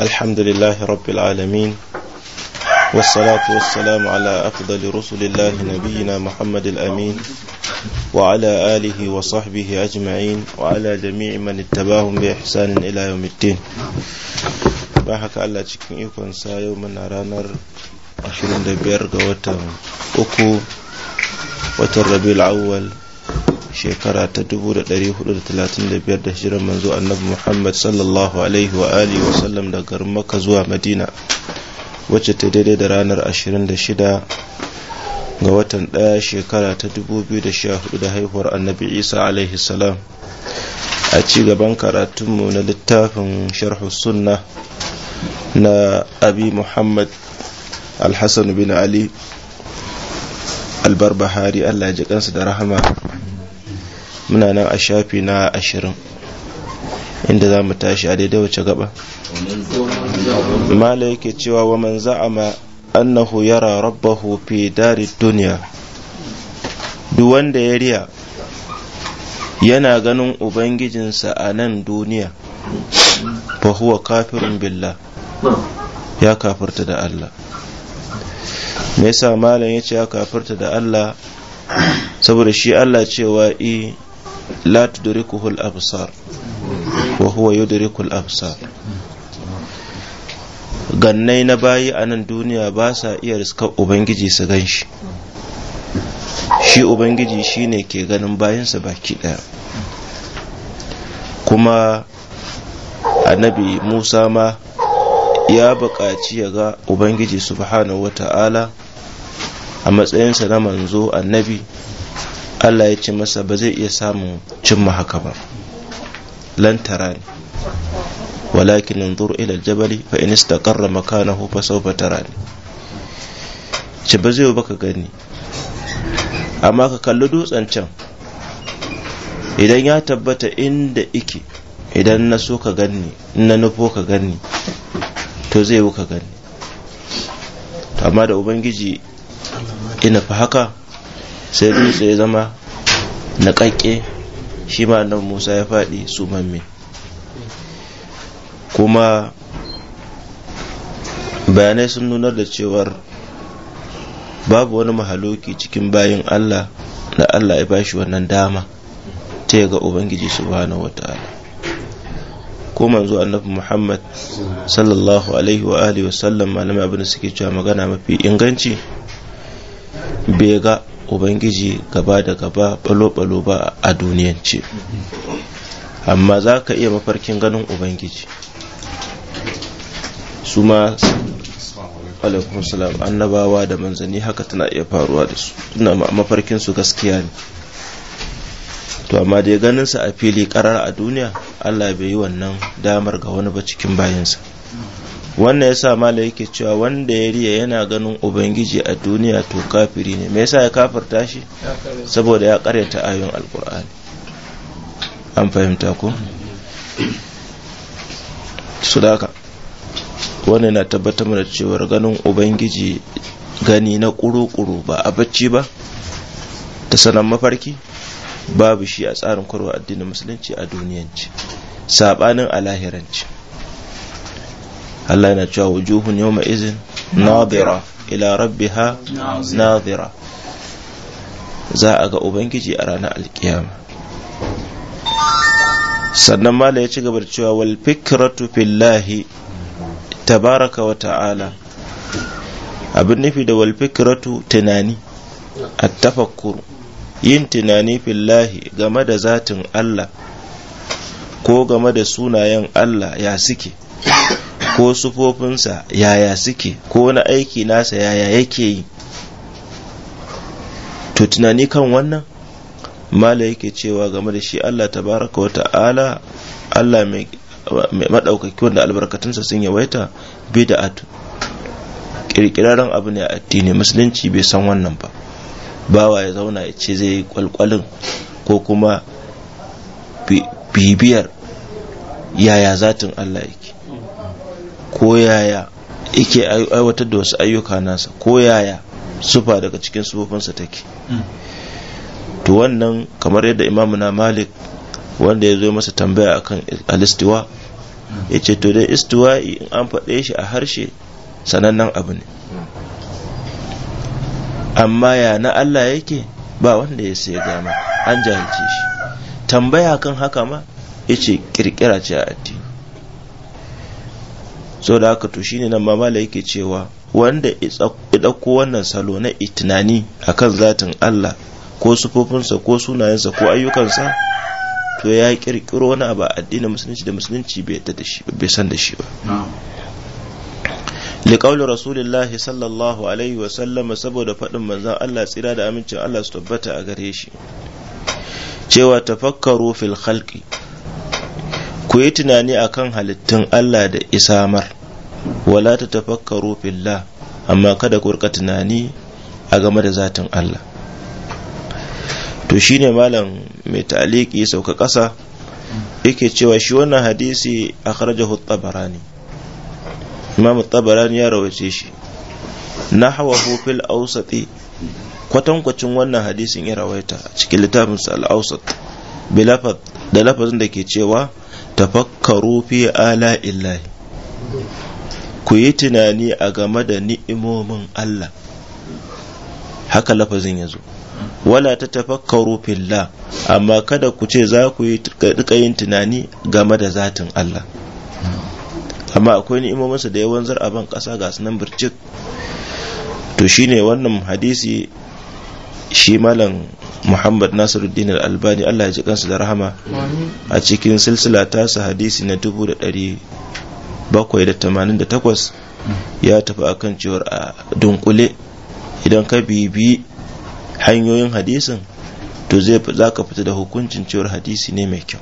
الحمد لله رب العالمين والصلاة والسلام على أفضل رسل الله نبينا محمد الأمين وعلى آله وصحبه أجمعين وعلى جميع من اتباهم بإحسان إلى يوم الدين بحك الله تكن يكون سايو من رانر أشرين دبير قوة أكو وتربي الأول shekara ta 1435 da hijirar manzo annabi Muhammad sallallahu alaihi wa alihi wa sallam da garin Makka zuwa Madina wacce ta daidai da ranar 26 ga watan ɗaya shekara ta 2014 da haihuwar annabi Isa alaihi salam a ci gaban karatunmu na littafin sharhu sunna na abi Muhammad Alhassan bin Ali albar Buhari, Allah ya ji kansa da rahama muna nan a shafi na ashirin inda za mu tashi a daidai wace gaba mala yake cewa wa man za'ama annahu yara rabbahu fi dari duniya duk wanda ya riya yana ganin ubangijinsa a nan duniya fa huwa kafirin billah ya kafirta da Allah me yasa malam ya ce ya kafirta da Allah saboda shi Allah cewa i la tudrikuhu al-absar wa huwa gannai na bayi a nan duniya ba sa iya riskar ubangiji su gan shi shi ubangiji shine ke ganin bayansa baki daya kuma annabi musa ma ya buƙaci ya ga ubangiji subhanahu ta'ala, a matsayinsa na manzo annabi Allah ya ce masa ba zai iya samun cimma haka ba lantara ne walakin anzur ila jabali, fa in istaqarra makanahu fa sawfa tarani ce ba zai baka gani amma ka kalli dutsen can idan ya tabbata inda ike idan na so ka ganni na nufo ka ganni to zai wuka ganni amma da ubangiji ina fa haka sai dutse ya zama na naƙaƙƙe shi ma nan musa ya faɗi su mamme kuma bayanai sun nunar da cewar babu wani mahaloki cikin bayin allah da allah ya bashi wannan dama ta yaga ubangiji subhanahu wata'ala ko manzo annabi muhammad sallallahu alaihi wa alihi wasallam malama abin da suke cewa magana mafi inganci bai ga ubangiji gaba da gaba balo-balo ba a ce, amma za ka iya mafarkin ganin ubangiji su ma alaikun salam annabawa da manzanni haka tana iya faruwa da su tuna mafarkin su gaskiya ne to amma dai ganin sa a fili karar a duniya Allah bai yi wannan damar ga wani ba cikin bayansa wannan ya yasa mala yake cewa wanda ya riya yana ganin ubangiji a duniya to kafiri ne me yasa ya kafirta shi saboda ya karyata ayoyin alkur'ani an fahimta ko sudaka wannan na tabbatar da cewa ganin ubangiji gani na kuru-kuru ba a bacci ba ta sanan mafarki babu shi a tsarin kurwa addinin musulunci a duniyanci sabanin a lahiranci Allah yana cewa wujuhun ma izin nadira ila rabbi rabbiha nadira za a ga ubangiji a ranar alkiyama sannan mala ya ci gaba cewa wal fikratu fillahi tabaraka wa ta'ala abin nufi da wal fikratu tunani at-tafakkur yin tunani fillahi game da zatin Allah ko game da sunayen Allah ya suke ko sufofinsa yaya suke ko wani aiki nasa yaya yake yi to tunani kan wannan mala yake cewa game da shi Allah tabaraka wata'ala Allah mai maɗaukaki wanda albarkatunsa sun yawaita bid'atu kirkiraren abu ne a addini musulunci bai san wannan ba bawa ya zauna ya ce zai kwalkwalin ko kuma bibiyar yaya zatin Allah yake ko yaya yake aiwatar da wasu ayyuka nasa ko yaya sufa daga cikin sufofinsa take mm. to wannan kamar yadda imamu na malik wanda ya zo masa tambaya akan alistiwa mm. ya ce to dai istiwa'i in an faɗe shi a harshe sanannen abu ne amma ya na Allah yake ba wanda ya sai gama an jahilce shi tambaya kan haka ma ya ce kirkira ce a addini so da haka to shine nan mamala yake cewa wanda ɗauko wannan salo na itinani a kan zatin Allah ko sufofinsa ko sunayensa ko ayyukansa to ya kirkiro wani abu a addinin musulunci da musulunci bai san da shi ba liƙaunar rasulullahi sallallahu alaihi wa saboda faɗin manzan Allah tsira da amincin Allah su tabbata a gare shi cewa tafakkaru fil khalqi ku yi tunani a kan halittun Allah da isamar wala ta tafakkaru filla, amma kada ku rika tunani a game da zatin Allah to shi ne malam mai taliki sauka ƙasa yake cewa shi wannan hadisi a at-tabarani imam tabarani ya rawace shi Na hawa fil ausati kwatankwacin wannan hadisin ya rawaita cikin littafin sa al-awsat da lafazin da ke cewa tafakkaru fi ala illahi ku yi tunani a game da ni'imomin Allah haka lafazin ya zo wala ta tafakkaru fillah amma kada ku ce za ku yi yin tunani game da zatin Allah amma akwai ni'imominsa da yawan zar a ban ƙasa ga sunan birjik to shine wannan hadisi shi malam muhammad nasiruddin albani allah ya ji kansu da rahama a cikin silsila su hadisi na 788 ya tafi akan cewar a dunkule idan ka bibi hanyoyin hadisin to zai za ka fita da hukuncin cewar hadisi ne mai kyau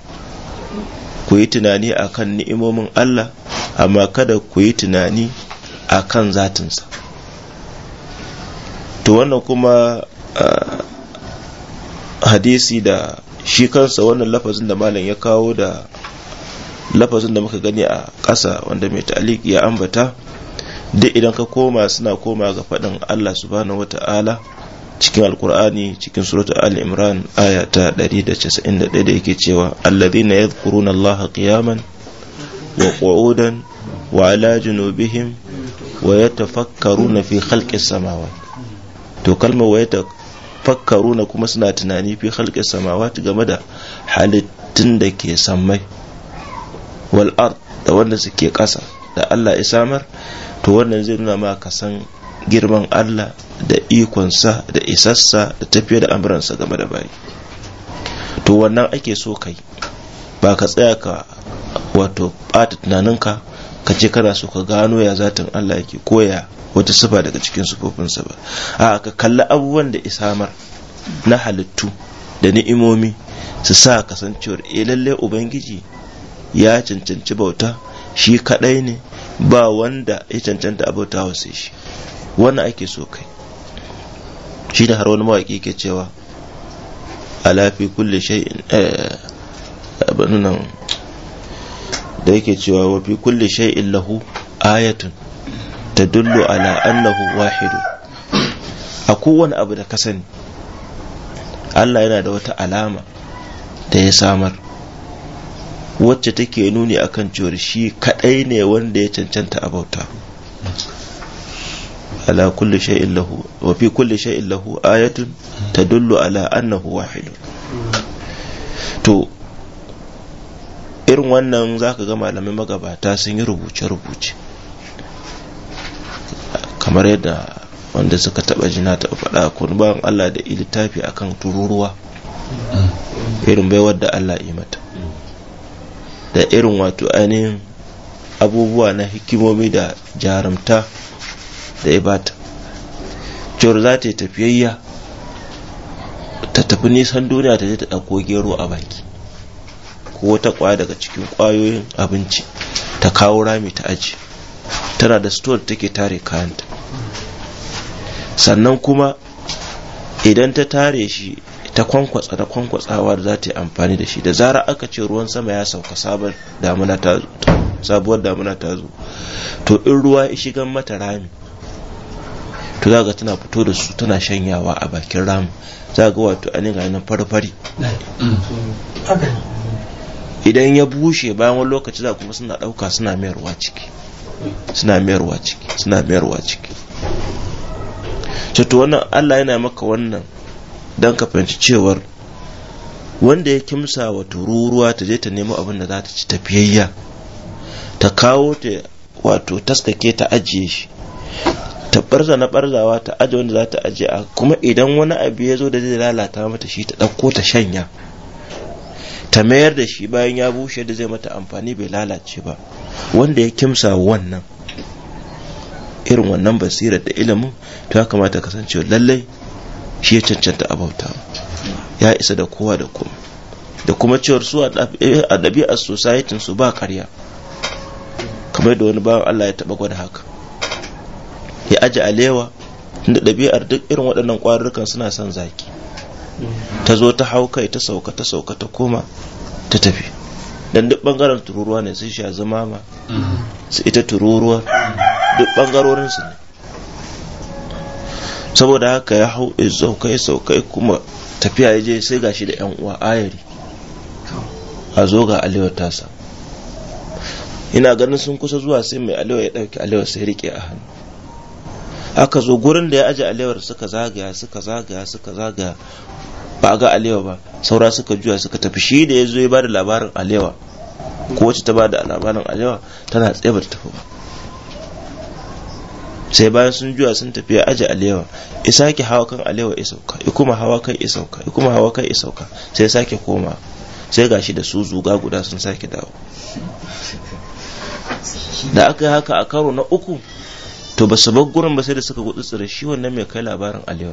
ku yi tunani akan ni'imomin allah amma kada ku yi tunani kan zatinsa to wannan kuma hadisi da shi kansa wannan lafazin da malam ya kawo da lafazin da muka gani a ƙasa wanda mai ta'alik ya ambata duk idan ka koma suna koma ga faɗin Allah subhanahu wata'ala cikin alkur'ani cikin suratu al'imran imran aya ta 191 da yake cewa alladhina yadhkuruna Allah qiyaman wa qu'udan wa ala junubihim wa yatafakkaruna fi khalqis samawati to kalmar wa na kuma suna tunani fi samawa, samawati game da halittun da ke sammai wal'ar da wanda suke ƙasa da Allah ya samar to wannan zai nuna ma ka san girman Allah da ikonsa da isassa da tafiya da amuransa game da bayi to wannan ake so kai ba ka tsaya ka wato ɓata tunaninka ka ce kana so ka gano ya zatin Allah yake koya. wata sifa daga cikin sufofinsa ba a ka kalli abubuwan da isamar na halittu da ni'imomi su sa kasancewar e eh, lalle ubangiji ya cancanci bauta shi kadai ne ba wanda ya cancanta a bauta sai shi wannan ake so kai shi da har wani mawaƙi ke cewa alafi kulle shay'in eh, nan da yake cewa wafi fi kulle shay'in lahu ayatun tadullu ala annahu wahidu a kowane abu da ka sani Allah yana da wata alama da ya samar wacce take nuni akan cewar shi kadai ne wanda ya cancanta a bauta ala kulli shay'in lahu wa fi kulli shay'in lahu ayatun tadullu ala annahu wahid to irin wannan zaka ga malamai magabata sun yi rubuce rubuce kamar yadda wanda suka taba jina ta faɗa ko bayan Allah da littafi akan tururuwa irin baiwar da Allah yi mata da irin wato ainihin abubuwa na hikimomi da jarumta da ya bata cewar za ta yi tafiyayya ta tafi nisan duniya ta je ta ɗauko gero a baki ko wata kwaya daga cikin ƙwayoyin abinci ta kawo rami ta aji tana da store take tare kayanta sannan kuma idan ta tare shi ta kwankwatsa ta kwankwatsawa da za ta yi amfani da shi da zara aka ce ruwan sama ya sauka sabuwar damuna ta zo to in ruwa ya shiga mata rami to za ga tana fito da su tana shanyawa a bakin rami za ga wato a ga nan farfari idan ya bushe bayan wani lokaci za kuma suna ɗauka suna mayarwa ciki suna ciki ce to wannan Allah yana maka wannan don ka fahimci cewar wanda ya kimsa wa tururuwa ta je ta nemo abin da za ta ci tafiyayya ta kawo ta wato taskake ta ajiye shi ta barza na barzawa ta aje wanda za ta aje a kuma idan wani abu ya zo da zai lalata mata shi ta ɗauko ta shanya ta mayar da shi bayan ya bushe da zai mata amfani bai lalace ba wanda ya kimsa wannan irin wannan basirar da ilimin to ya kamata kasancewa lallai shi ya cancanta abauta ya isa da kowa da kuma da kuma cewar su a eh, ɗabi'ar societin su ba ƙarya kamar da wani bawan Allah ya taɓa gwada haka ya aji alewa inda ɗabi'ar duk irin waɗannan ƙwarurrukan suna son zaki ta zo ta hau kai ta sauka ta sauka ta koma ta tafi dan duk bangaren tururuwa ne sai shi zama ma mm-hmm. su ita tururuwa duk bangarorin su ne saboda haka ya hau saukai saukai kuma tafiya ya je sai gashi da yan uwa ayari a zo ga alewar tasa ina ganin sun kusa zuwa sai mai alewa ya dauki alewar sai rike a hannu aka zo gurin da ya aje alewar suka zagaya suka zagaya suka zagaya ba a ga alewa ba saura suka juya suka tafi shi da ya zo ya ba da labarin alewa ko wacce ta ba da labarin alewa tana tsaye ba ta tafi ba sai bayan sun juya sun tafi ya aje alewa ya sake hawa kan alewa ya sauka ya kuma hawa kai ya sauka ya kuma hawa kai ya sauka sai ya sake koma sai gashi da su zuga guda sun sake dawo da aka yi haka a karo na uku to ba su bar gurin ba sai da suka tsira shi wannan mai kai labarin alewa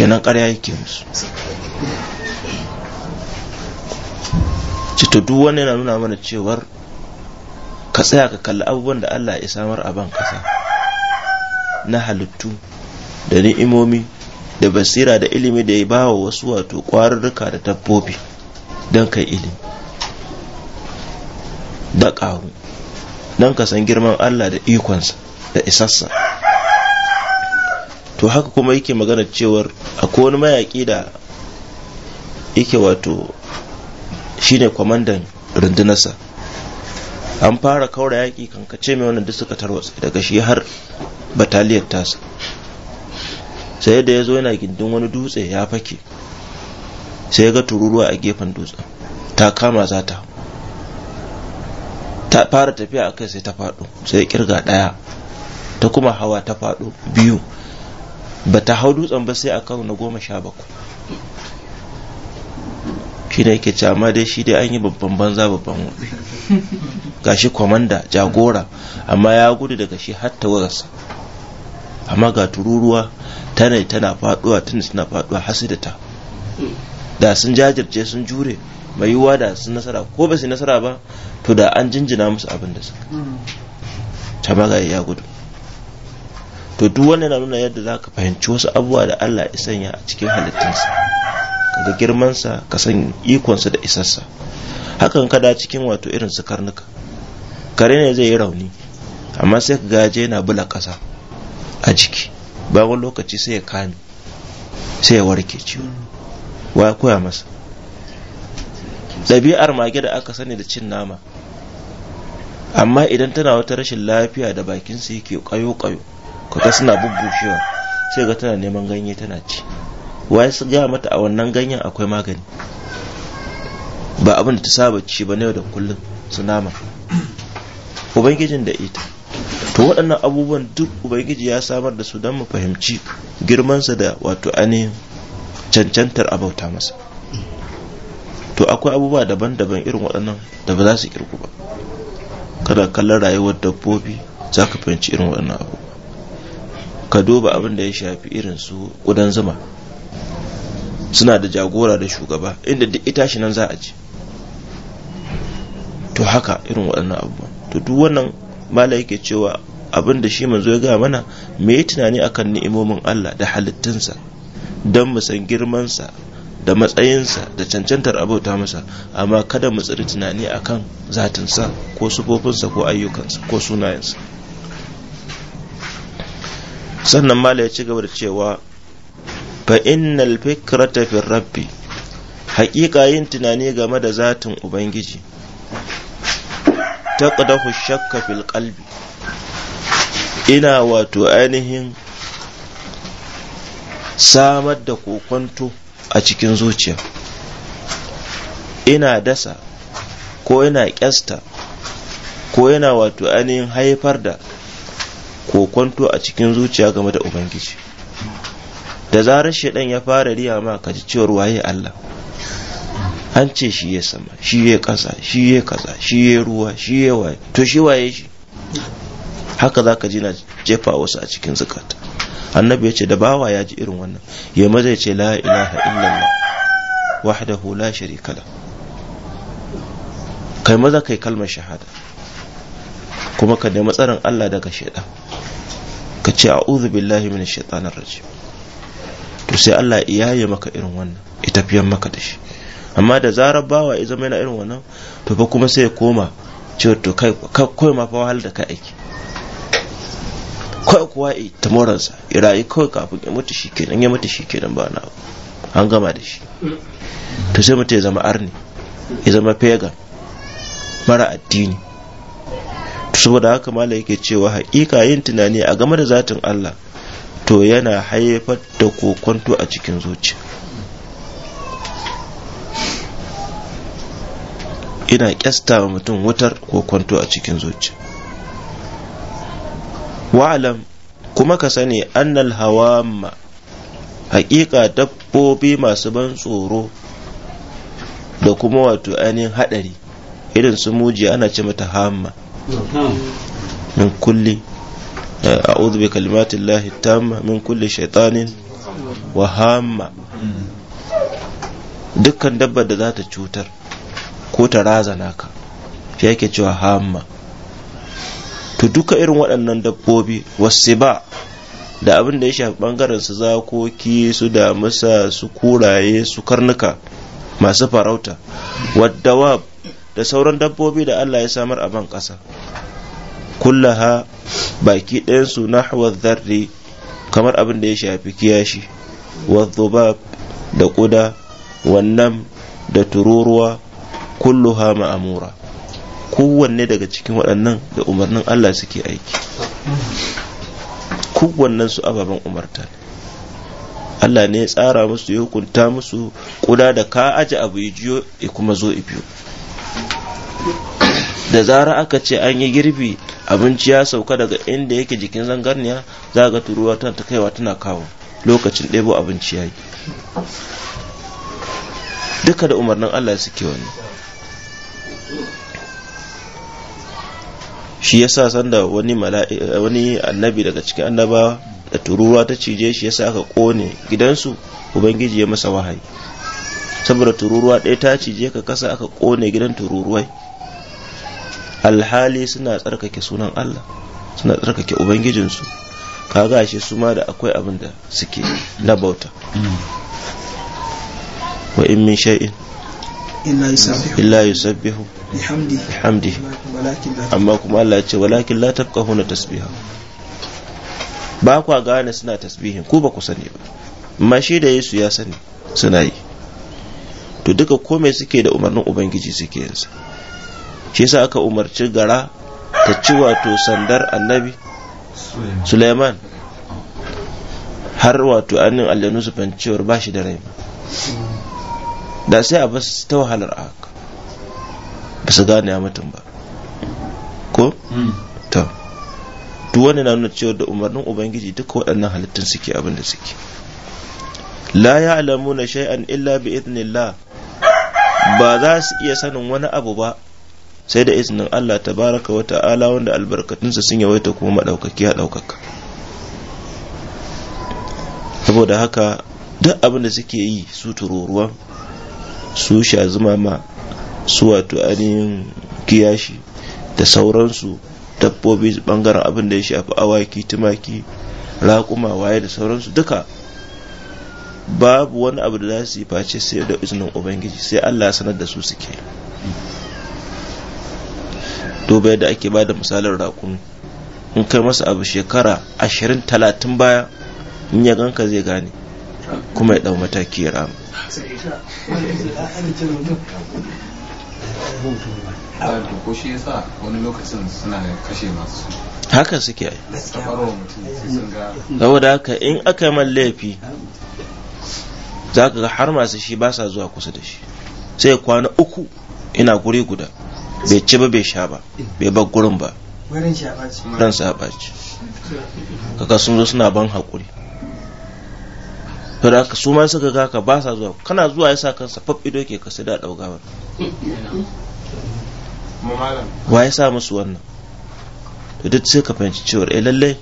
kenan karya yake musu cito duk wani yana nuna mana cewar ka tsaya ka kalli abubuwan da Allah ya samar a ban ƙasa na halittu da ni'imomi da basira da ilimi da ya bawa wasu wato kwarurruka da dabbobi don kai ilimi da ƙaru don ka san girman Allah da ikonsa da isassa to haka kuma yake magana cewar akwai wani mayaƙi da yake wato shine kwamandan rundunarsa an fara kaura yaƙi kankace mai wannan duk suka tarwatsa daga shi har bataliyar tasa sai da ya zo yana gindin wani dutse ya fake sai ya ga tururuwa a gefen dutsen ta kama za ta ta fara tafiya a kai sai ta faɗo sai ya kirga ɗaya ta kuma hawa ta faɗo biyu ba ta hau dutsen ba sai a karo na goma sha bakwai shi ne yake ce amma dai shi dai an yi babban banza babban Ga shi kwamanda jagora amma ya gudu daga shi har tawagarsa amma ga tururuwa tana tana faduwa tana tana faduwa hasi da ta da sun jajirce sun jure mai yiwuwa da sun nasara ko ba su nasara ba to da an jinjina musu abin da suka ta ya gudu to duk wannan na nuna yadda za ka fahimci wasu abubuwa da Allah ya sanya a cikin halittunsa kaga girmansa ka san ikonsa da isarsa hakan kada cikin wato irin su karnuka kare ne zai yi rauni amma sai ka gaje yana bula ƙasa a jiki bayan lokaci sai ya kame sai ya warke ciwo wa koya masa ɗabi'ar mage da aka sani da cin nama amma idan tana wata rashin lafiya da bakinsa yake kayo-kayo kaga suna bubbushewa sai ga tana neman ganye tana ci waye su gaya mata a wannan ganyen akwai magani ba abin da ta saba ci ba na yau da kullum su nama ubangijin da ita to waɗannan abubuwan duk ubangiji ya samar da su don mu fahimci girmansa da wato ainihin cancantar abauta masa to akwai abubuwa daban-daban irin waɗannan da ba za su kirku ba kada kallon rayuwar dabbobi za ka fahimci irin waɗannan abubuwa ka duba abin da ya shafi irin su ƙudan zuma suna da jagora da shugaba inda duk ita shi nan za a ci. to haka irin waɗannan abubuwan to duk wannan mala yake cewa abin da shi manzo ya gaya mana me yi tunani akan ni'imomin Allah da halittunsa don mu san girmansa da matsayinsa da cancantar abauta masa amma kada mu tsiri tunani akan zatinsa ko sufofinsa ko ayyukansa ko sunayensa sannan mala ya ci gaba da cewa fa innal fikrata fi rabbi haƙiƙa yin tunani game da zatin ubangiji ta shakka fil qalbi ina wato ainihin samar da kokonto a cikin zuciya ina dasa ko yana ƙyasta ko yana wato ainihin haifar da kokonto a cikin zuciya game da ubangiji da zarar shaidan ya fara riya ma ka ji cewar waye Allah an ce shi ya sama shi ya kasa shi ya kaza shi ya ruwa shi ya waye to shi waye shi haka za ka ji na jefa wasu a cikin zukata annabi ya ce da bawa ya ji irin wannan ya maza ya ce la ilaha illallah wahdahu la sharika la kai maza kai kalmar shahada kuma ka nemi tsarin Allah daga shaidan ka ce a'udhu billahi minash shaitanir rajim to sai Allah ya yi maka irin wannan ya tafiyar maka da shi amma da zarar bawa ya zama yana irin wannan to fa kuma sai ya koma cewa to kai kai ma fa wahal da kai aiki kai kuwa i ta moransa ya rayu kawai kafin ya mutu shi kenan ya mutu shi kenan ba na an gama da shi to sai mutum ya zama arni ya zama fega mara addini saboda haka mala yake cewa haƙiƙa yin tunani a game da zatin Allah to yana haifar da kokonto a cikin zuciya ina kyasta wa mutum wutar kokonto a cikin zuciya wa'alam kuma ka sani annal hawamma hakika dabbobi masu ban tsoro da kuma wato ainihin hadari irin su muji ana ce mata hamma min kulli أعوذ بكلمات الله التامة من كل شيطان وهامة dukkan دبا da za ta cutar ko ta razana ka shi yake cewa hamma to duka irin waɗannan dabbobi wasu ba da abin da ya shafi bangaren su zakoki su damusa su kuraye su karnuka masu farauta wadda da sauran dabbobi da allah ya samar a ban ƙasa kullaha baki ɗayansu na zarri kamar abin da ya shafi kiyashi wadhubab da ƙuda wannan da tururuwa kulluha ma'amura kowanne daga cikin waɗannan da umarnin Allah suke aiki kowannen su ababen umarta Allah ne ya tsara musu ya hukunta musu ƙuda da ka aji abu ya jiyo ya kuma zo biyu da zara aka ce an yi girbi abinci ya sauka daga inda yake jikin zangarniya za ga turuwa tana ta kaiwa tana kawo lokacin ɗebo abinci ya yi duka da umarnin Allah suke wani shi yasa sanda wani wani annabi daga cikin annaba da turuwa ta cije shi yasa aka kone gidansu ubangiji ya masa wahayi saboda tururuwa ɗaya ta cije ka kasa aka ƙone gidan tururuwai alhali suna tsarkake sunan Allah suna tsarkake ubangijinsu ga ashe su ma da akwai abin da suke na bauta wa in min shay'in illa yusabbihu bihamdihi amma kuma Allah ce walakin la tafqahuna tasbiha ba kwa gane suna tasbihin ku ba ku sani ba amma shi da Yesu ya sani suna yi to duka komai suke da umarnin ubangiji suke yansa shi yasa aka umarci gara ta ci wato sandar annabi suleiman har wato annin aljanu su fancewar ba shi da rai da sai a basu ta wahalar a haka ba su gane a mutum ba ko? Hmm. to duk wani na nuna cewa da umarnin ubangiji duk waɗannan halittun suke abin da suke la ya alamu na shay'an illa bi idnillah ba za su iya sanin wani abu ba sai da izinin Allah ta baraka wa ta'ala wanda albarkatunsa sun yawaita kuma maɗaukaki a ɗaukaka saboda haka duk abin da suke yi su tururuwa su sha zumama su wato ainihin kiyashi da sauransu dabbobi bangaren abin da ya shafi awaki tumaki raƙuma waye da sauransu duka babu wani abu da za su yi face sai da izinin ubangiji sai allah sanar da su suke duba yadda ake ba da misalin raƙumi in kai masa abu shekara ashirin talatin baya in ya ganka zai gane kuma ya ɗau mataki ya rama haka suke yi saboda haka in aka yi man laifi za ka ga har masu shi ba sa zuwa kusa da shi sai kwana uku ina guri guda bai ci ba bai sha ba bai bar gurin ba ran sa ɓaci kaga sun zo suna ban haƙuri to ka haka su ma suka ga ka ba sa zuwa kana zuwa ya sa kansa fab ido ke ka sai da ɗauka ba wa ya sa musu wannan to duk sai ka fahimci cewa eh lallai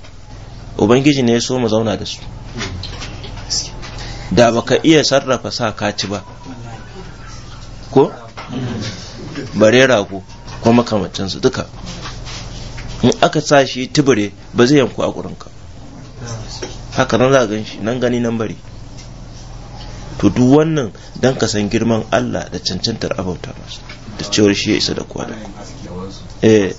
ubangiji ne ya so mu zauna da su da baka iya sarrafa sa kaci ba ko bare rago ko makamacinsu duka in aka sa shi tubure ba zai yanku a gurinka haka nan za gan shi nan gani nan bari to duk wannan dan ka san girman Allah da cancantar abauta masu da cewar shi ya isa da kuwa da eh.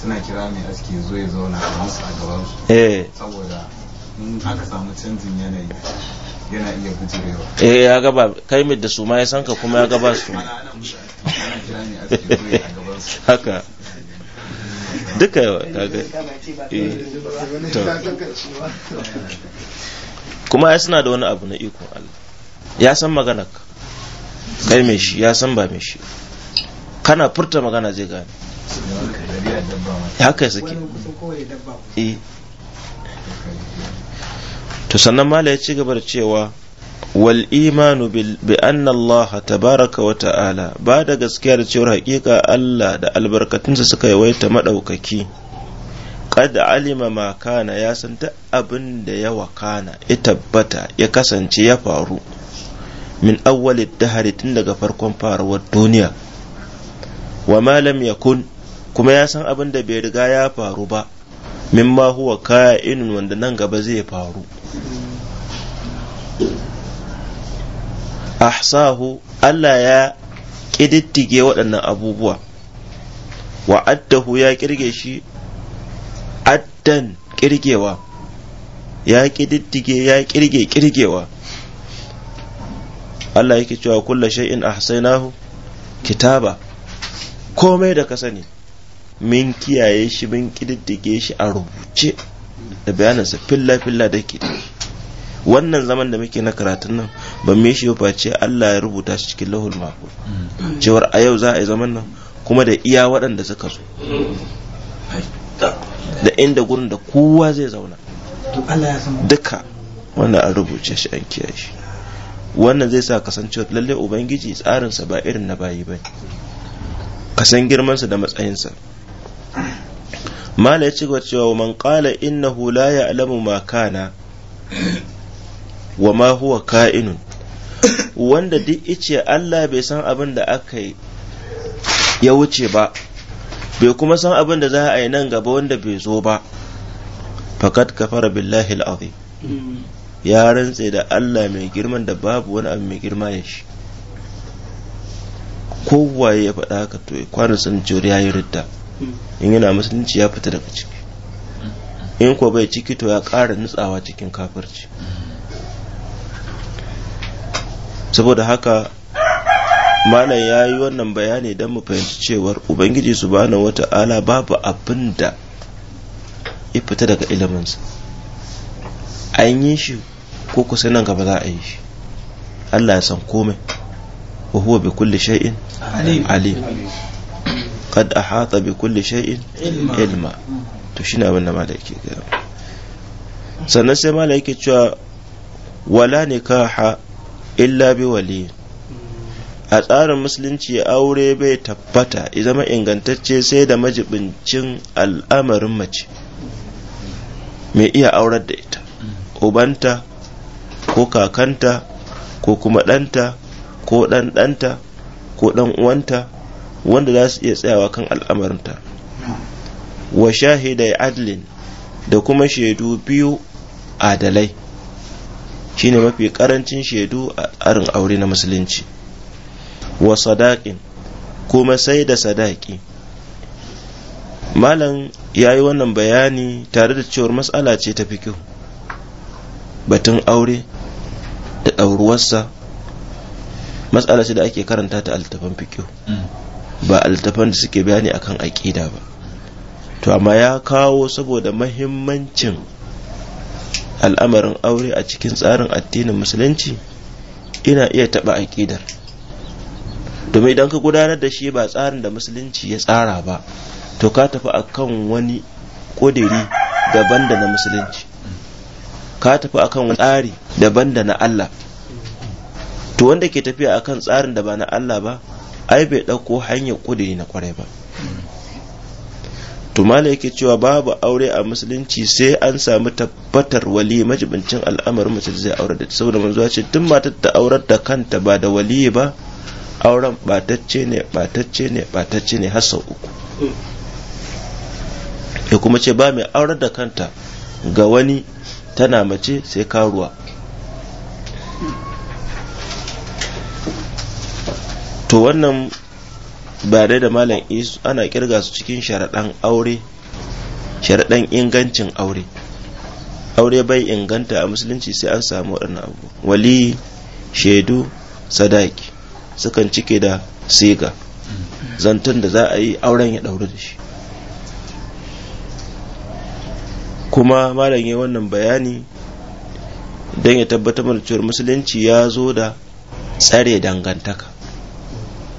suna kira mai aski zo ya zauna a musu a gaban su eh. saboda in aka samu canjin yanayi yana iya gujewa eh ya gaba kai da su ma ya san ka kuma ya gaba su haka duka kaga eh, kuma ya suna da wani abu na ikon Allah ya san magana kai mai shi ya san ba mai shi kana furta magana zai gane haka suke eh. to sannan mala ya ci gaba da cewa والإيمان بأن الله تبارك ba da gaskiya da cewar haƙiƙa Allah da albarkatunsa suka yawaita maɗaukaki kada alima ma kana ya san ta abin da ya wakana ya tabbata ya kasance ya faru min awwalid dahari tun daga farkon faruwar duniya wa ma lam yakun kuma ya san abin da bai riga ya faru ba mimma huwa ka'inun wanda nan gaba zai faru ahsahu Allah ya ƙididdige waɗannan abubuwa wa addahu ya ƙirge shi addan ƙirgewa ya ƙididdige ya ƙirge ƙirgewa Allah yake cewa kulla shay'in ahsaynahu kitaba komai da ka sani min kiyaye shi min ƙididdige shi a rubuce da bayanansa filla filla da wannan zaman da muke na karatun nan ban me shi ba ce Allah ya rubuta shi cikin lahul mahfuz cewar a yau za a yi zaman nan kuma da iya waɗanda suka zo da inda gurin da kowa zai zauna duka wannan an rubuce shi an kiyaye shi wannan zai sa kasancewa lalle ubangiji tsarinsa ba irin na bayi ba ka san girmansa da matsayinsa mala ya ci gaba cewa man qala innahu la ya'lamu ma kana wa ma huwa ka'inun wanda duk ice Allah bai san abin da aka yi ya wuce ba bai kuma san abin da za a yi nan gaba wanda bai zo ba fakat kafara billahi al'azim ya rantse da Allah mai girman da babu wani abu mai girma ya shi kowaye ya faɗa haka to ya kwana sun jori ya yi ridda in yana musulunci ya fita daga ciki in ko bai ciki to ya ƙara nutsawa cikin kafirci saboda haka malam ya yi wannan bayani don mu fahimci cewar ubangiji su subhanahu wata'ala babu abin da ya fita daga iliminsa an yi shi ko kusa nan gaba za a yi shi Allah ya san komai wa huwa bi kulli shay'in alim qad ahata bi kulli shay'in ilma to shine abin da malai yake gaya sannan sai malai yake cewa wala nikaha illa bi wali a tsarin musulunci aure bai tabbata zama ingantacce sai da majibincin al'amarin mace mai iya aurar da ita ubanta ko kakanta ko kuma ɗanta ko ɗan ɗanta ko ɗan uwanta wanda za su iya tsayawa kan al'amarinta wa shahida adlin da kuma shaidu biyu adalai shine mafi karancin shaidu a tsarin aure na musulunci wa sadaqin kuma sai da sadaki malam ya yi wannan bayani tare da cewar matsala ce ta kyau. batun aure da ɗauruwarsa matsala ce da ake karanta ta altafan fikihu ba altafan da suke bayani akan aƙida ba to amma ya kawo saboda mahimmancin al'amarin aure a cikin tsarin addinin musulunci ina iya taɓa aƙidar domin idan ka gudanar da shi ba tsarin da musulunci ya tsara ba to ka tafi akan wani ƙudiri daban da na musulunci ka tafi akan tsari daban da na Allah to wanda ke tafiya akan tsarin da ba na Allah ba ai bai ɗauko hanyar ƙudiri na kwarai ba to mala yake cewa babu aure a musulunci sai an samu tabbatar wali majibincin al'amarin mace zai aure da saboda manzo ya ce duk matar ta aurar da kanta ba da wali ba auren batacce ne batacce ne batacce ne har sau uku ya kuma ce ba mai aurar da kanta ga wani tana mace sai karuwa to wannan bayanai da malam isu ana kirga su cikin sharaɗan aure sharaɗan ingancin aure aure bai inganta a musulunci sai an samu waɗannan abu wali shaidu sadaki sukan cike da siga zantun da za a yi auren ya ɗauri da shi kuma malam ya wannan bayani don ya tabbatar da cewar musulunci ya zo da tsare dangantaka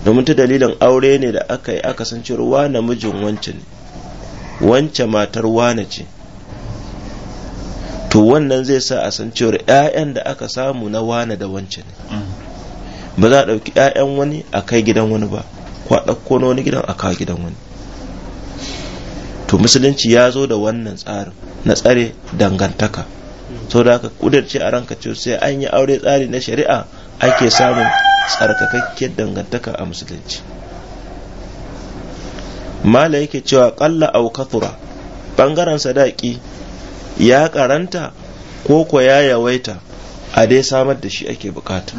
domin ta dalilin aure ne da aka yi aka san cewa namijin mijin wance ne wance matar wane ce to wannan zai sa a san cewar 'ya'yan da aka samu na wane da wance ba za a ɗauki 'ya'yan wani a kai gidan wani ba ko ɗauko na wani gidan a kawo gidan wani to musulunci ya zo da wannan tsarin na tsare dangantaka sau da aka kudarci a ranka ce sai an yi aure tsari na shari'a ake samun tsarkakakkiyar dangantaka a musulunci mala yake cewa ƙalla au kathura ɓangaren sadaki ya karanta ko ko ya yawaita a dai samar da shi ake bukata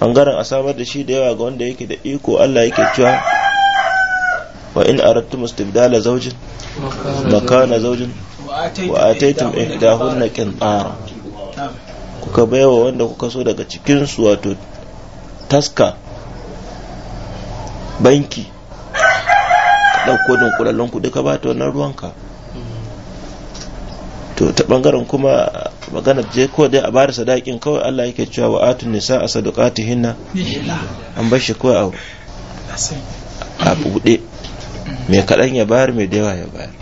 ɓangaren a samar da shi da yawa ga wanda yake da iko allah yake cewa wa in arattum mustabdala zaujin makana zaujin wa ataitum ihdahunna qintara kuka baiwa wanda kuka so daga cikinsu wato taska banki ka ɗauko dunkulallen kuɗi ka ba ta wannan ruwanka to ta ɓangaren kuma magana je ko dai a bada sadakin kawai Allah yake cewa wa atun nisa a sadaqatihinna an bar shi kawai a buɗe mai kaɗan ya bayar mai da ya bayar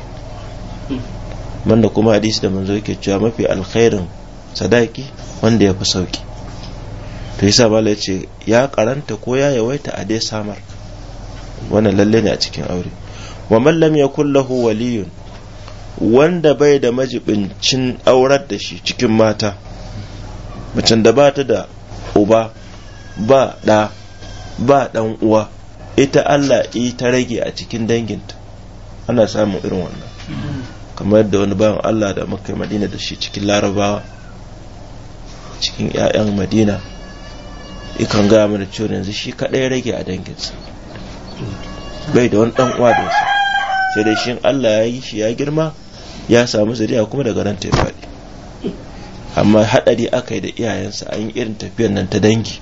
wanda kuma hadisi da manzo yake cewa mafi alkhairin sadaki wanda ya fi sauki to yasa bala ya ce ya karanta ko ya yawaita a dai samar wannan lalle ne a cikin aure wa man lam yakul lahu waliyun wanda bai da majibincin aurar da shi cikin mata macen da bata da uba ba ɗa ba ɗan uwa ita Allah ta rage a cikin danginta ana samun irin wannan kamar yadda wani bayan Allah da muka yi madina da shi cikin larabawa cikin 'ya'yan madina ikan gaya mana cewa yanzu shi kaɗai rage a danginsa bai da wani ɗan uwa da wasu sai dai shi Allah ya yi shi ya girma ya samu zuriya kuma daga nan ta faɗi amma haɗari aka yi da iyayensa an yi irin tafiyar nan ta dangi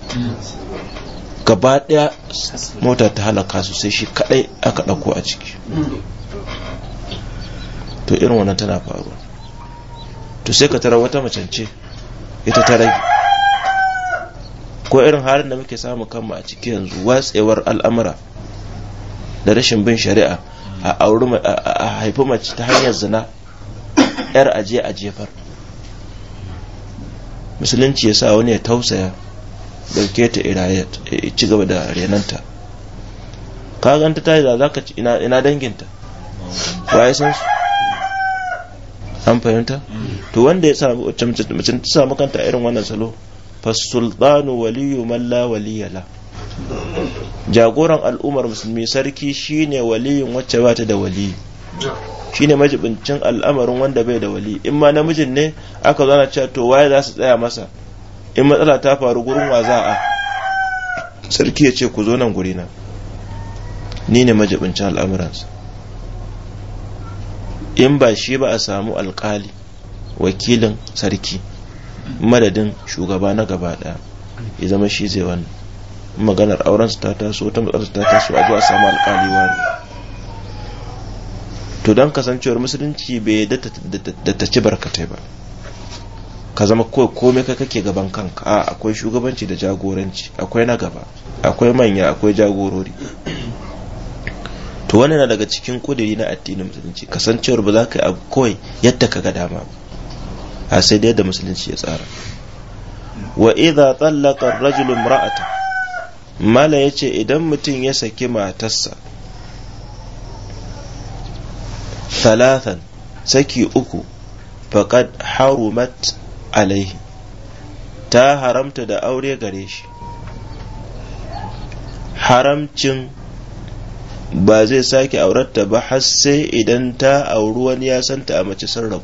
gaba ɗaya mota ta halaka su sai shi kaɗai aka ɗauko a ciki to irin wannan tana faruwa to sai ka tara wata macance ita ta rage ko irin halin da muke samu kanmu a ciki yanzu watsewar al'amura da rashin bin shari'a a auri a haifi mace ta hanyar zina yar aje a jefar musulunci ya sa wani ya tausaya dauke ta irayat ci gaba da renanta ka ganta ta yi za ka ci ina danginta ya san su an fahimta to wanda ya samu mace ta samu kanta irin wannan salo fa sultanu waliyu man la waliyala jagoran al'ummar musulmi sarki shine waliyin wacce ba ta da wali shine majibincin al'amarin wanda bai da wali in ma namijin ne aka zana cewa to waye za su tsaya masa in matsala ta faru gurin wa za a sarki ya ce ku zo nan gurina ni ne majibincin al'amuransa in ba shi ba a samu alkali wakilin sarki madadin shugaba na gaba daya ya zama shi zai wani maganar auren su ta taso ta matsalar ta taso a zuwa samu alkali wani to don kasancewar musulunci bai da ta ci barkatai ba ka zama kawai komai ka kake gaban kanka a akwai shugabanci da jagoranci akwai na gaba akwai manya akwai jagorori to wannan na daga cikin kudiri na addinin musulunci kasancewar ba za ka yi abu kawai yadda ka ga dama a sai da yadda musulunci ya tsara wa idza tallaqa ar-rajulu imra'ata mala yace idan mutum ya saki matarsa Talatan, saki uku faqad harumat alaihi ta haramta da aure gare shi haramcin ba zai sake auratta ba har sai idan ta auri wani ya santa a mace sun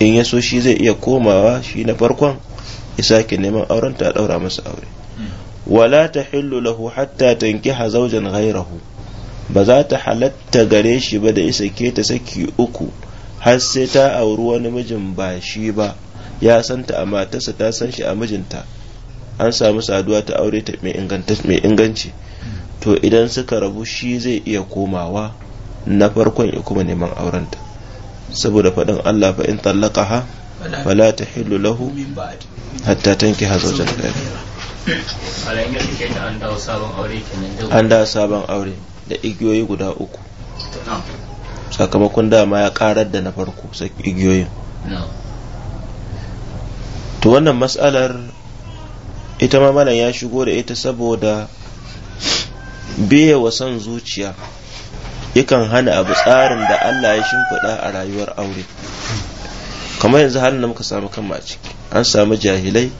in ya so shi zai iya komawa shi na farkon ya sake neman aurenta ta daura masa aure wala ta hillu lahu hatta tanki zaujan ghairahu ba za ta halatta gare shi ba da isa ke ta saki uku har sai ta auri wani mijin ba shi ba ya santa a matarsa ta san shi a mijinta an samu saduwa ta aure ta mai inganci to idan suka rabu shi zai iya komawa na farkon ya kuma neman aurenta saboda faɗin Allah fa in tallaqaha fala tahillu lahu hatta hazo zawjan ghayra an da sabon aure da igiyoyi guda uku sakamakon dama ya karar da na farko sai igiyoyin to wannan matsalar ita ma malam ya shigo da ita saboda wa son zuciya yakan hana abu tsarin da Allah ya shimfiɗa a rayuwar aure kamar yanzu har da muka samu kan ciki an samu jahilai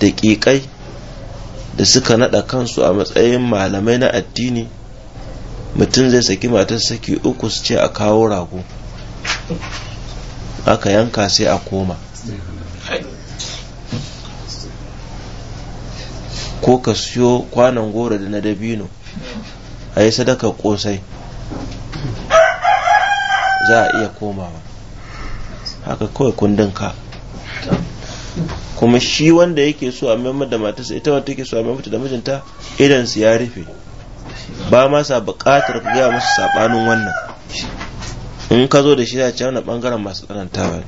da ƙiƙai da suka naɗa kansu a matsayin malamai na addini mutum zai saki matar saki uku su ce a kawo rago aka yanka sai a koma ko ka siyo kwanan goro da na dabino a yi sadaka kosai za a iya komawa haka kawai kundin ka kuma shi wanda yake so a maimar da matarsa ita wanda take so a maimar da mijinta idansu ya rufe ba ma sa buƙatar ka gaya masu saɓanin wannan in ka zo da shi ya ce wani ɓangaren masu tsanantawa ne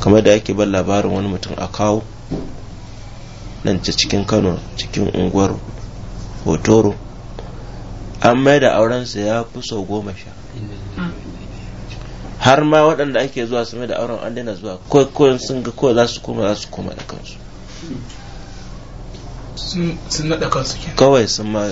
kamar da ake ban labarin wani mutum a kawo nan ta cikin kano cikin unguwar hotoro an mai da aurensa ya fi sau goma sha har ma waɗanda ake zuwa su mai da auren an daina zuwa kawai sun ga kawai za su koma za su koma da kansu sun naɗa kansu kawai sun ma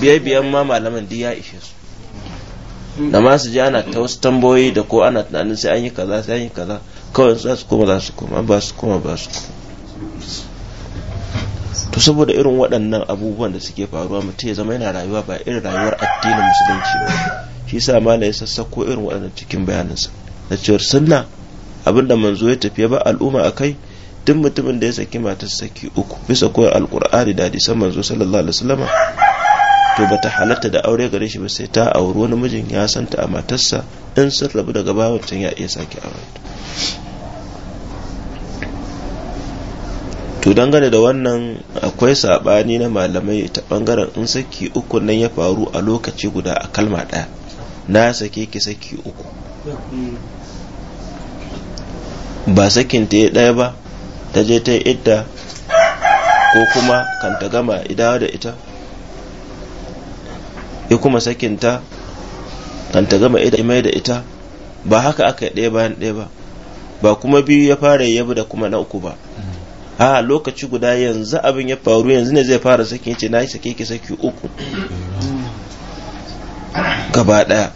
biye biyan ma malaman duk ya ishe su da ma su ji ana ta wasu tambayoyi da ko ana tunanin sai an yi kaza sai an yi kaza kawai za su koma za su koma ba su koma ba su koma to saboda irin waɗannan abubuwan da suke faruwa mutum ya zama yana rayuwa ba irin rayuwar addinin musulunci ba shi sa na ya sassako irin waɗannan cikin bayaninsa da cewar sunna abinda manzo ya tafiya ba al'umma a kai duk mutumin da ya saki matarsa saki uku bisa koyar alkur'ani da hadisan manzo sallallahu alaihi wasallama to bata halatta da aure gare shi ba sai ta auri wani mijin ya santa a matarsa in sun rabu daga can ya iya sake aure to dangane da wannan akwai saɓani na malamai ta bangaren in saki uku nan ya faru a lokaci guda a kalma ɗaya na sake ki saki uku ba sakin ta yi ɗaya ba ta je ta idda ko kuma kan ta gama idawa da ita ya kuma sakin ta kan gama mai da ita ba haka aka yi ɗaya bayan ɗaya ba ba kuma biyu ya fara yabi da kuma na uku ba a lokaci guda yanzu abin ya faru yanzu ne zai fara sakin ce na yi sake ki saki uku gaba daya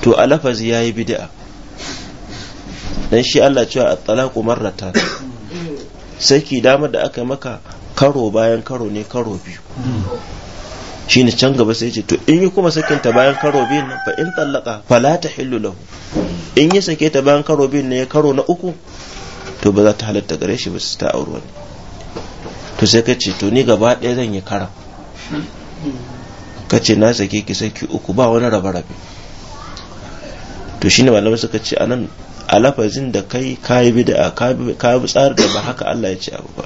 to a lafazi ya yi bid'a dan shi Allah cewa at-talaqu marratan saki dama da aka maka karo bayan karo ne karo biyu ne can gaba sai ce to in yi kuma sakin ta bayan karo biyun nan fa in tallaka fala tahillu lahu in yi sake ta bayan karo biyun ne karo na uku to ba za ta halatta gare shi ba su ta auri wani to sai ka ce to ni gaba ɗaya zan yi kara ka ce na sake ki saki uku ba wani raba rabe to ne malamai suka ce anan a lafazin da kai kayi bid'a ka bi tsari da ba haka Allah ya ce abu ba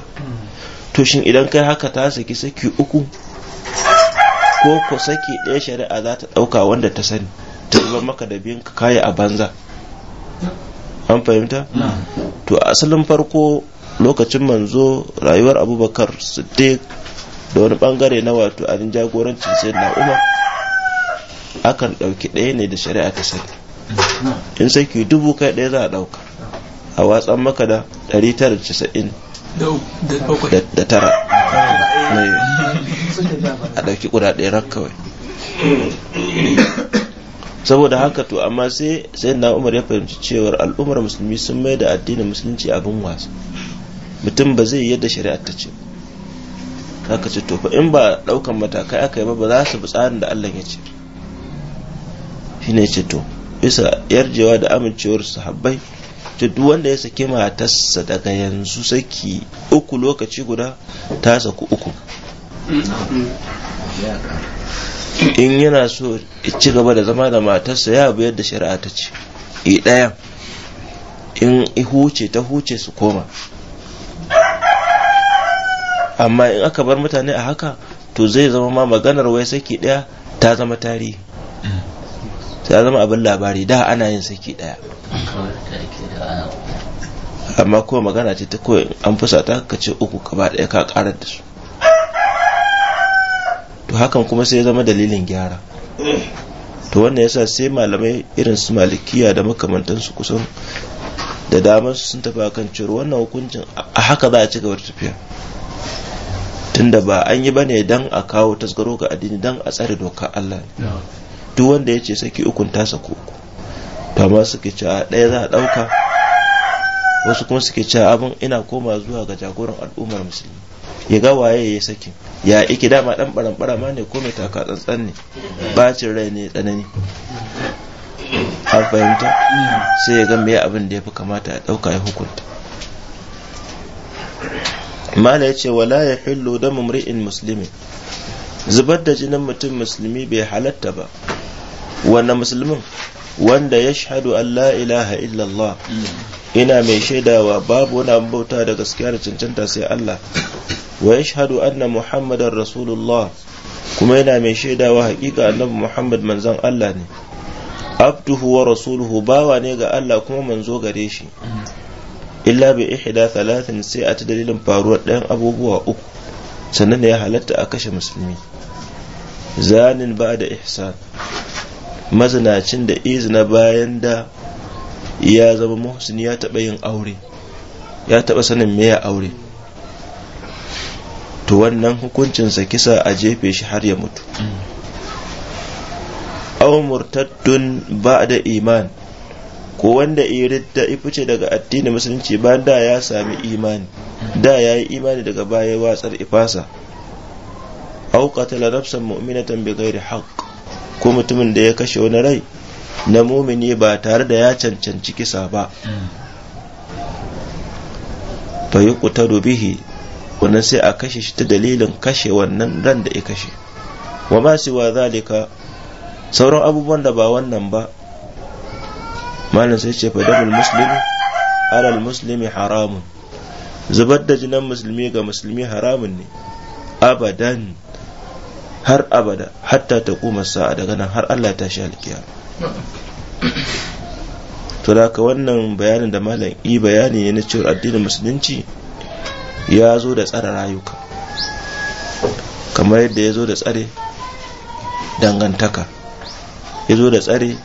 to shin idan kai haka ta saki saki uku ko ku saki ɗaya shari'a za ta ɗauka wanda ta sani ta zuba maka da biyan ka kayi a banza an fahimta to asalin farko lokacin manzo rayuwar abubakar su da wani bangare na wato abin jagorancin sai na umar akan dauki ɗaya ne da shari'a ta sani in saki dubu kai ɗaya za a dauka a watsan maka da eh. a ɗauki saboda haka to amma sai sai na umar ya fahimci cewar al'ummar musulmi sun mai da addinin musulunci abin wasa mutum ba zai yadda shari'a ta ce haka ce to in ba daukan matakai aka yi ba ba za su bi tsarin da Allah ya ce shine ce to bisa yarjewa da amincewar sahabbai to duk wanda ya saki matarsa daga yanzu saki uku lokaci guda ta saku uku mm, mm. in yana so ci gaba da zama da matarsa ya bi yadda shari'a ta ce i ɗaya. in huce ta huce su koma amma in aka bar mutane a haka to zai zama ma maganar wai saki ɗaya ta zama tarihi ta zama abin labari da ana yin saki ɗaya amma kuma magana ce ta kawai an fusata ka ce uku ka ba ɗaya ka ƙarar da su to hakan kuma sai ya zama dalilin gyara to wannan yasa sai malamai irin su malikiya da makamantansu kusan da damar sun tafi akan cewar wannan hukuncin a haka za a ci gaba da tafiya tunda ba an yi bane dan a kawo tasgaro ga addini dan a tsare doka Allah ne duk wanda ya ce saki ukun tasa ko to amma suke cewa a ɗaya za a ɗauka wasu kuma suke cewa abin ina koma zuwa ga jagoran al'ummar musulmi ya ga waye ya saki ya iki dama dan barambara ma ne ko mai taka tsantsan ne bacin rai ne tsanani har fahimta sai ya ga abin da ya fi kamata ya dauka ya hukunta mala ya ce wala ya hillo da mumri'in musulmi zubar da jinin mutum musulmi bai halatta ba wanda musulmin wanda ya shahadu allah ilaha illallah ina mai shaidawa babu wani abin bauta da gaskiya da cancanta sai Allah wa yashhadu anna muhammadar rasulullah kuma yana mai shaidawa hakika annabi muhammad manzon Allah ne abduhu wa rasuluhu bawa ne ga Allah kuma manzo gare shi illa bi ihda thalathin sai a ta dalilin faruwar ɗayan abubuwa uku sannan ya halatta a kashe musulmi zanin ba da ihsan mazinacin da izina bayan da ya zama muhsin ya taɓa yin aure ya taɓa sanin me aure to wannan hukuncinsa kisa a jefe shi har ya mutu aw murtaddun ba'da iman ko wanda iridda ifice daga addinin musulunci ba da ya sami imani da ya yi imani daga baya watsar ifasa aw qatala nafsan mu'minatan bighairi haqq ko mutumin da ya kashe wani rai na mumini ba tare da ya cancanci kisa ba fa yi bihi wannan sai a kashe shi ta dalilin kashe wannan ran da ya kashe wa ma siwa zalika sauran abubuwan da ba wannan ba malam sai ce fadabul muslimi alal muslimi haramun zubar da jinan musulmi ga musulmi haramun ne abadan har abada hatta ta kuma sa'a daga nan har Allah ta shi alkiyama to da wannan bayanin da malam i bayani ne na cewar addinin musulunci ya zo da tsara rayuka kamar yadda ya zo da tsare dangantaka ya zo da tsare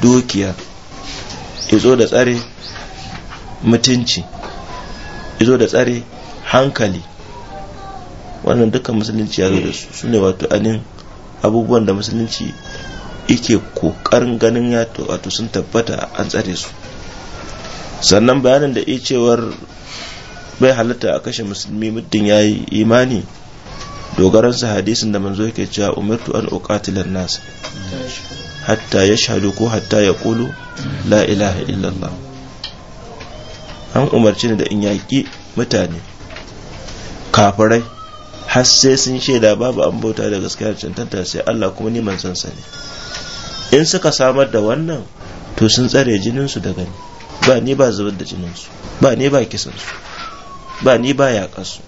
dukiya ya zo da tsare mutunci ya zo da tsare hankali wannan dukkan musulunci ya zo da su su ne wato anin abubuwan da musulunci yake kokarin ganin ya wato sun tabbata an tsare su sannan bayanin da ya cewar bai halatta a kashe musulmi muddin ya yi imani dogaransa hadisin da manzo yake cewa umartu an uqatilan nas hatta yashhadu ko hatta yaqulu la ilaha illallah an umarci ni da in yaki mutane kafirai har sai sun shaida babu an bauta da gaskiya da cancanta sai Allah kuma ni manzon sa ne in suka samar da wannan to sun tsare jininsu daga ni ba ni ba zubar da jininsu ba ni ba kisansu ba ni ba yaƙasu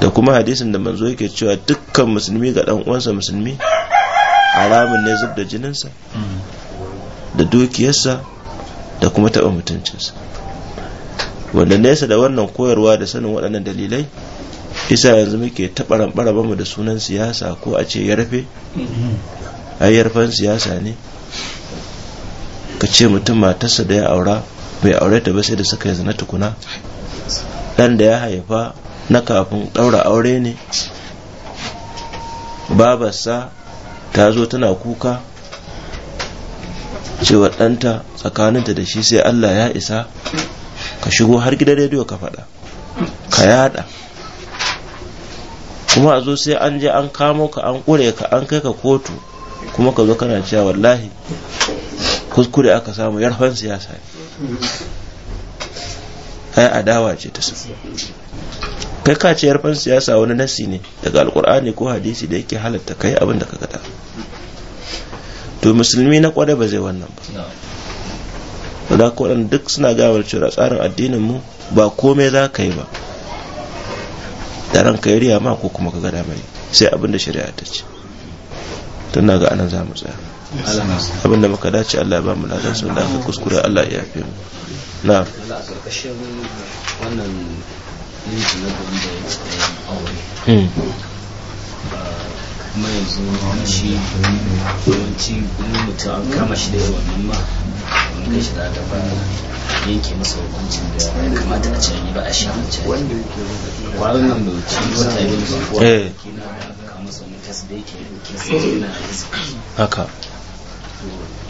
da kuma hadisin da manzo yake cewa dukkan musulmi ga dan uwansa musulmi haramun ne zub da jininsa da dukiyarsa da kuma taɓa mutuncinsa wanda nesa da wannan koyarwa da sanin waɗannan dalilai isa yanzu muke taɓa mu da sunan siyasa ko a ce ya mm-hmm. ai yarfan siyasa ne ka ce mutum matarsa da ya aura bai aure ta ba sai da suka yanzu na tukuna dan da ya haifa na kafin ɗaura aure ne babarsa ta zo tana kuka cewa ɗanta tsakaninta da shi sai allah ya isa ka shigo har gidan rediyo ka faɗa ka yada kuma a zo sai an je an kamo ka an kure ka an kai ka kotu kuma ka zo kana cewa wallahi kuskure aka samu yarfan siyasa ne ai adawa ce ta kai ka ce yarfan siyasa wani nasi ne daga alkur'ani ko hadisi da yake halatta kai abin da ka gada to musulmi na kwada ba zai wannan ba da duk suna gawar cewa tsarin addinin mu ba komai za ka yi ba da ranka ya riya ma ko kuma ka gada mai sai abinda shari'a ta ce tun daga anan za mu tsaya abinda da muka dace Allah ya ba mu ladan sun da aka kuskure Allah ya yafe mu na wannan da hmm. kuma yanzu shi yawanci kuma mutum an kama shi da yawan ma mun kai shi ta fara yanke masa hukuncin da ya kamata a ce yi ba a sha mace kwanan nan da ci wata yin zuwa kina ka masa wani tas da yake yake sai yana haka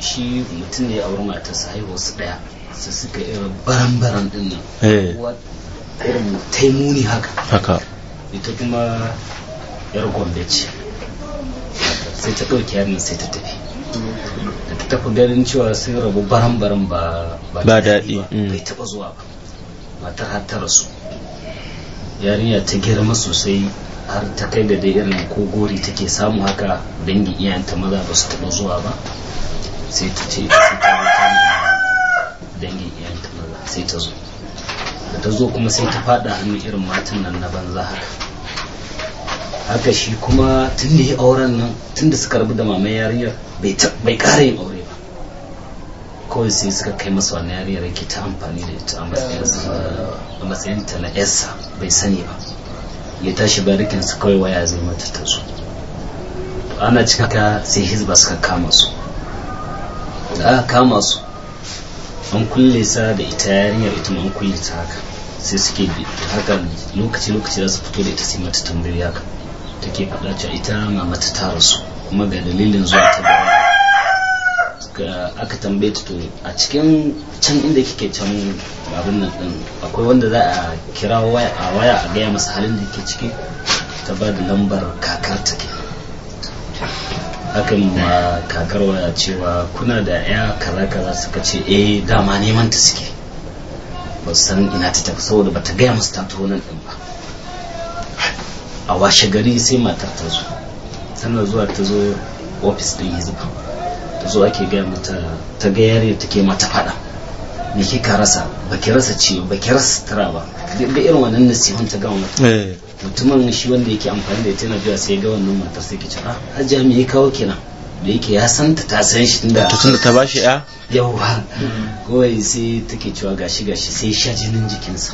shi mutum ne a wurin matarsa haihuwa su daya su suka irin baran-baran din nan irin taimuni haka ita kuma yar gombe ce sai ta ɗauki yarin sai ta tafi tafi ganin cewa sun rabu baran-baran ba daɗi mm. bai taɓa zuwa ba matar har ta rasu yarinya ta girma sosai har ta kai da dai irin ko gori take samu haka dangin iyayenta maza ba su taɓa zuwa ba sai ta ce dangin iyayenta maza sai ta zo da ta zo kuma sai ta faɗa hannu irin matan nan na banza haka haka shi kuma tun da ya auren nan tun da suka rabu da mamayen yarinyar bai kara yin aure kawai sai suka kai masa wannan yariyar yake ta amfani da ita a matsayin na esa bai sani ba ya tashi barikin su kawai waya zai mata ta ana cika sai hizba suka kama su da aka kama su an kulle sa da ita yarinyar ita an kulle ta haka sai suke haka lokaci-lokaci za su fito da ita sai mata tambayi haka take faɗa ita mamata ta rasu kuma ga dalilin zuwa ta bayan aka tambaye ta to a cikin can inda kike can abin nan din akwai wanda za a kira a waya a gaya masa halin da ke ciki ta ba da lambar kakar ta ke hakan ma kakar waya cewa kuna da ya kaza kaza suka ce eh dama neman ta suke ba san ina ta tafi saboda ba ta gaya masu ta tuwo nan din ba a washe gari sai matar ta zo tana zuwa ta zo ofis din hizba ta zo ake gaya mata ta ga ta ke mata fada me kika rasa baki rasa ciwo baki rasa tara ba da irin wannan nasihun ta gama mata eh. mutumin shi wanda yake amfani da ita na zuwa sai ga wannan matar sai ki ce a. Ah, hajiya me ya kawo kina. da yake ya san ta ta san shi tunda tunda ta bashi ya yawa kawai sai take cewa gashi gashi sai sha jinin jikinsa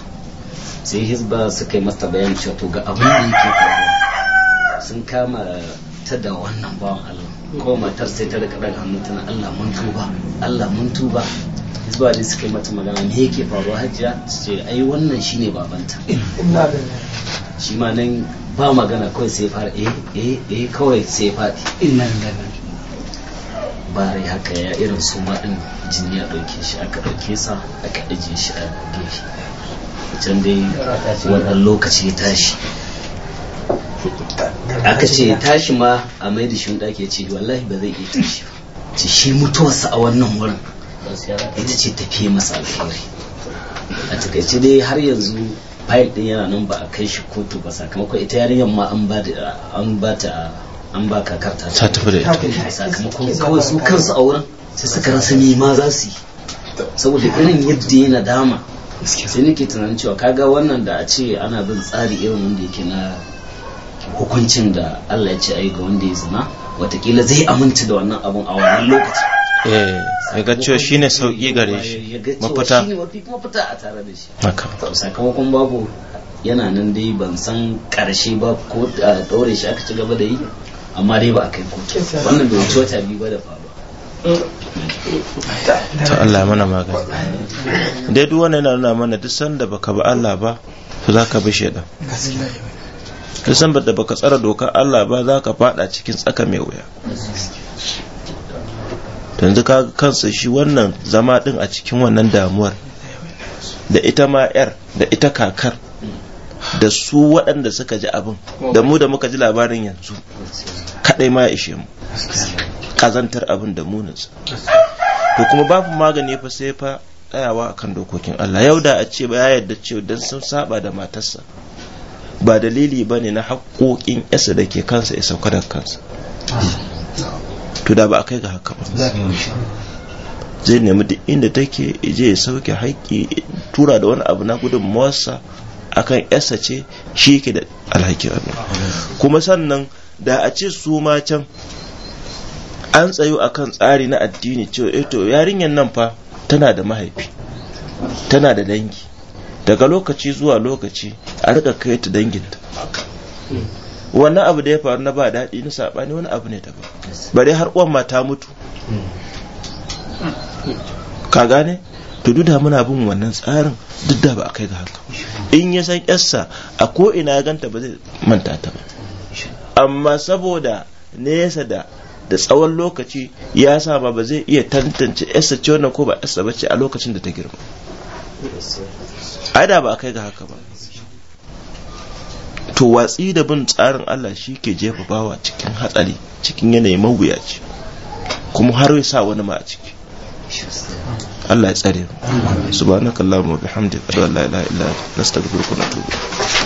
sai hizba suka yi masa bayan cewa to ga abin da yake faruwa sun kama ta da wannan bawan Allah ko matar sai ta rika daga hannu tana Allah mun tuba Allah mun tuba zuwa dai suka yi mata magana me yake faruwa hajjiya su ce ai wannan shine babanta shi ma nan ba magana kawai sai fara eh eh eh kawai sai faɗi innan rai haka ya irin su ma din jini a ɗauke shi aka ɗauke sa aka ajiye shi a gefe can dai wannan lokaci ya tashi aka ce tashi ma a mai da shi wanda ke ce wallahi ba zai iya tashi ba ce shi mutuwarsa a wannan wurin ita ce tafiye masa alheri a takaice dai har yanzu fayil ɗin yana nan ba a kai shi kotu ba sakamakon ita yarinyar ma an ba ta an ba kakar ta ta tafi da ita sakamakon kawai su kansu a wurin sai suka rasa ni ma za su yi saboda irin yadda yana dama sai nake tunanin cewa kaga wannan da a ce ana bin tsari irin wanda yake na hukuncin da Allah ya ce ai ga wanda ya zina watakila zai aminta da wannan abun a wannan lokaci eh, ya ga cewa shi ne sauƙi gare shi mafita a tare da shi sakamakon babu yana nan dai ban san ƙarshe ba ko a ɗaure shi aka ci gaba da yi amma dai ba a kai koke. wannan bai wuce wata biyu ba da faɗa ta Allah mana magana dai duk wannan yana nuna mana duk sanda baka ba Allah ba to zaka bi shedan duk san da baka tsara dokar Allah ba za ka fada cikin tsaka mai wuya yanzu ka kansa shi wannan zama din a cikin wannan damuwar da ita ma yar da ita kakar da su waɗanda suka ji abin da mu da muka ji labarin yanzu kaɗai ma ishe mu ƙazantar abin da muninsa to kuma babu magani fa sai fa tsayawa akan dokokin Allah yau da a ce ba ya yarda cewa dan sun saba da matarsa ba dalili ba ne na haƙoƙin yasa da ke kansa ya sauka da kansa to da ba a kai ga haka ba zai nemi duk inda take je ya sauke haƙƙi tura da wani abu na a kan yasa ce shi ke da alhakin abu. kuma sannan da a ce su ma can an tsayo kan tsari na addini cewa eto eh yarinyar nan fa tana da mahaifi tana da dangi daga lokaci zuwa lokaci a rika kai ta danginta wannan abu da ya faru na ba daɗi na saɓani wani abu ne daban bare har uwan ma ta mutu ka gane to duk da muna bin wannan tsarin duk da ba a kai ga haka in ya san yarsa a ko ina ya ganta ba zai manta ta ba amma saboda nesa da da tsawon lokaci ya sa ba ba zai iya tantance yarsa ce wannan ko ba yassa ba ce a lokacin da ta girma ai da ba a kai ga haka ba to watsi da bin tsarin Allah shi ke jefa bawa cikin hatsari cikin yanayi mawuyaci kuma har ya sa wani ma a ciki Allah ya tsare subhanakallahumma bihamdika la ilaha illa anta astaghfiruka wa atubu